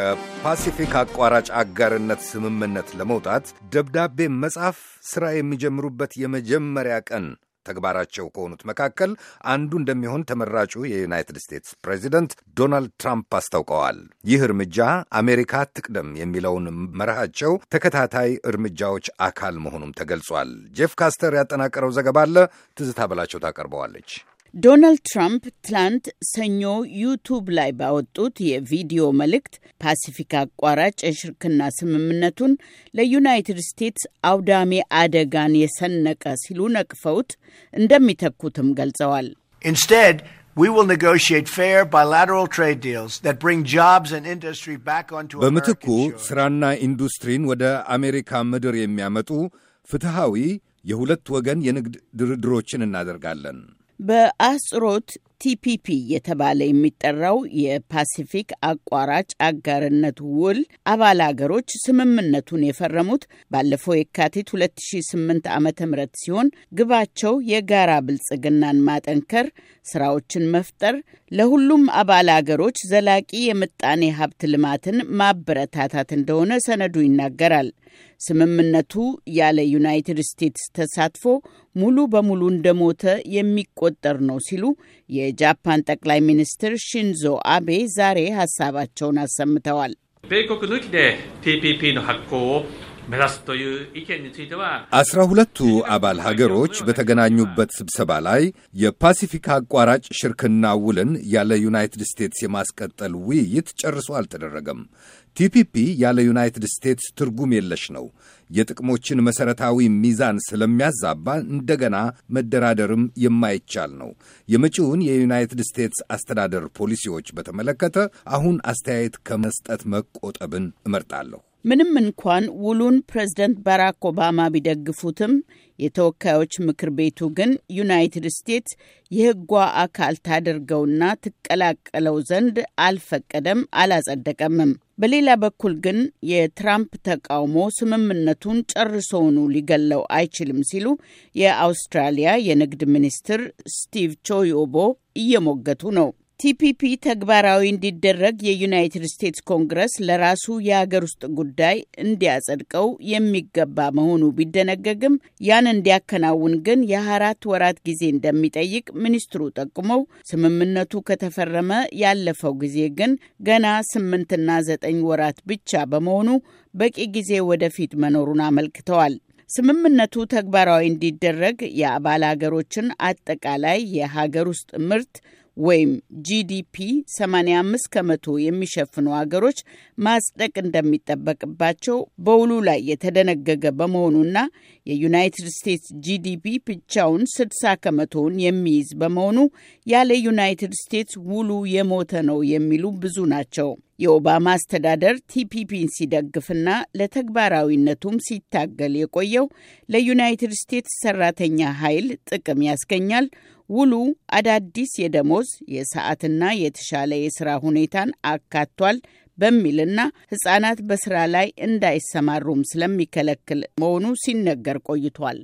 ከፓሲፊክ አቋራጭ አጋርነት ስምምነት ለመውጣት ደብዳቤ መጻፍ ሥራ የሚጀምሩበት የመጀመሪያ ቀን ተግባራቸው ከሆኑት መካከል አንዱ እንደሚሆን ተመራጩ የዩናይትድ ስቴትስ ፕሬዚደንት ዶናልድ ትራምፕ አስታውቀዋል። ይህ እርምጃ አሜሪካ ትቅደም የሚለውን መርሃቸው ተከታታይ እርምጃዎች አካል መሆኑም ተገልጿል። ጄፍ ካስተር ያጠናቀረው ዘገባ አለ። ትዝታ በላቸው ታቀርበዋለች። ዶናልድ ትራምፕ ትላንት ሰኞ ዩቱብ ላይ ባወጡት የቪዲዮ መልእክት ፓሲፊክ አቋራጭ የሽርክና ስምምነቱን ለዩናይትድ ስቴትስ አውዳሜ አደጋን የሰነቀ ሲሉ ነቅፈውት እንደሚተኩትም ገልጸዋል። በምትኩ ስራና ኢንዱስትሪን ወደ አሜሪካ ምድር የሚያመጡ ፍትሐዊ የሁለት ወገን የንግድ ድርድሮችን እናደርጋለን። በአጽሮት ቲፒፒ የተባለ የሚጠራው የፓሲፊክ አቋራጭ አጋርነት ውል አባል አገሮች ስምምነቱን የፈረሙት ባለፈው የካቲት 2008 ዓ ም ሲሆን ግባቸው የጋራ ብልጽግናን ማጠንከር፣ ስራዎችን መፍጠር፣ ለሁሉም አባል አገሮች ዘላቂ የምጣኔ ሀብት ልማትን ማበረታታት እንደሆነ ሰነዱ ይናገራል። ስምምነቱ ያለ ዩናይትድ ስቴትስ ተሳትፎ ሙሉ በሙሉ እንደሞተ የሚቆጠር ነው ሲሉ የጃፓን ጠቅላይ ሚኒስትር ሺንዞ አቤ ዛሬ ሀሳባቸውን አሰምተዋል። አስራ ሁለቱ አባል ሀገሮች በተገናኙበት ስብሰባ ላይ የፓሲፊክ አቋራጭ ሽርክና ውልን ያለ ዩናይትድ ስቴትስ የማስቀጠል ውይይት ጨርሶ አልተደረገም። ቲፒፒ ያለ ዩናይትድ ስቴትስ ትርጉም የለሽ ነው። የጥቅሞችን መሠረታዊ ሚዛን ስለሚያዛባ እንደገና መደራደርም የማይቻል ነው። የመጪውን የዩናይትድ ስቴትስ አስተዳደር ፖሊሲዎች በተመለከተ አሁን አስተያየት ከመስጠት መቆጠብን እመርጣለሁ። ምንም እንኳን ውሉን ፕሬዝደንት ባራክ ኦባማ ቢደግፉትም የተወካዮች ምክር ቤቱ ግን ዩናይትድ ስቴትስ የሕጓ አካል ታደርገውና ትቀላቀለው ዘንድ አልፈቀደም፣ አላጸደቀምም። በሌላ በኩል ግን የትራምፕ ተቃውሞ ስምምነቱን ጨርሶውኑ ሊገለው አይችልም ሲሉ የአውስትራሊያ የንግድ ሚኒስትር ስቲቭ ቾዮቦ እየሞገቱ ነው። ቲፒፒ ተግባራዊ እንዲደረግ የዩናይትድ ስቴትስ ኮንግረስ ለራሱ የሀገር ውስጥ ጉዳይ እንዲያጸድቀው የሚገባ መሆኑ ቢደነገግም ያን እንዲያከናውን ግን የአራት ወራት ጊዜ እንደሚጠይቅ ሚኒስትሩ ጠቁመው ስምምነቱ ከተፈረመ ያለፈው ጊዜ ግን ገና ስምንትና ዘጠኝ ወራት ብቻ በመሆኑ በቂ ጊዜ ወደፊት መኖሩን አመልክተዋል። ስምምነቱ ተግባራዊ እንዲደረግ የአባል ሀገሮችን አጠቃላይ የሀገር ውስጥ ምርት ወይም ጂዲፒ 85 ከመቶ የሚሸፍኑ አገሮች ማጽደቅ እንደሚጠበቅባቸው በውሉ ላይ የተደነገገ በመሆኑና የዩናይትድ ስቴትስ ጂዲፒ ብቻውን 60 ከመቶውን የሚይዝ በመሆኑ ያለ ዩናይትድ ስቴትስ ውሉ የሞተ ነው የሚሉ ብዙ ናቸው። የኦባማ አስተዳደር ቲፒፒን ሲደግፍና ለተግባራዊነቱም ሲታገል የቆየው ለዩናይትድ ስቴትስ ሰራተኛ ኃይል ጥቅም ያስገኛል ውሉ አዳዲስ የደሞዝ የሰዓትና የተሻለ የስራ ሁኔታን አካቷል በሚልና ህጻናት በስራ ላይ እንዳይሰማሩም ስለሚከለክል መሆኑ ሲነገር ቆይቷል።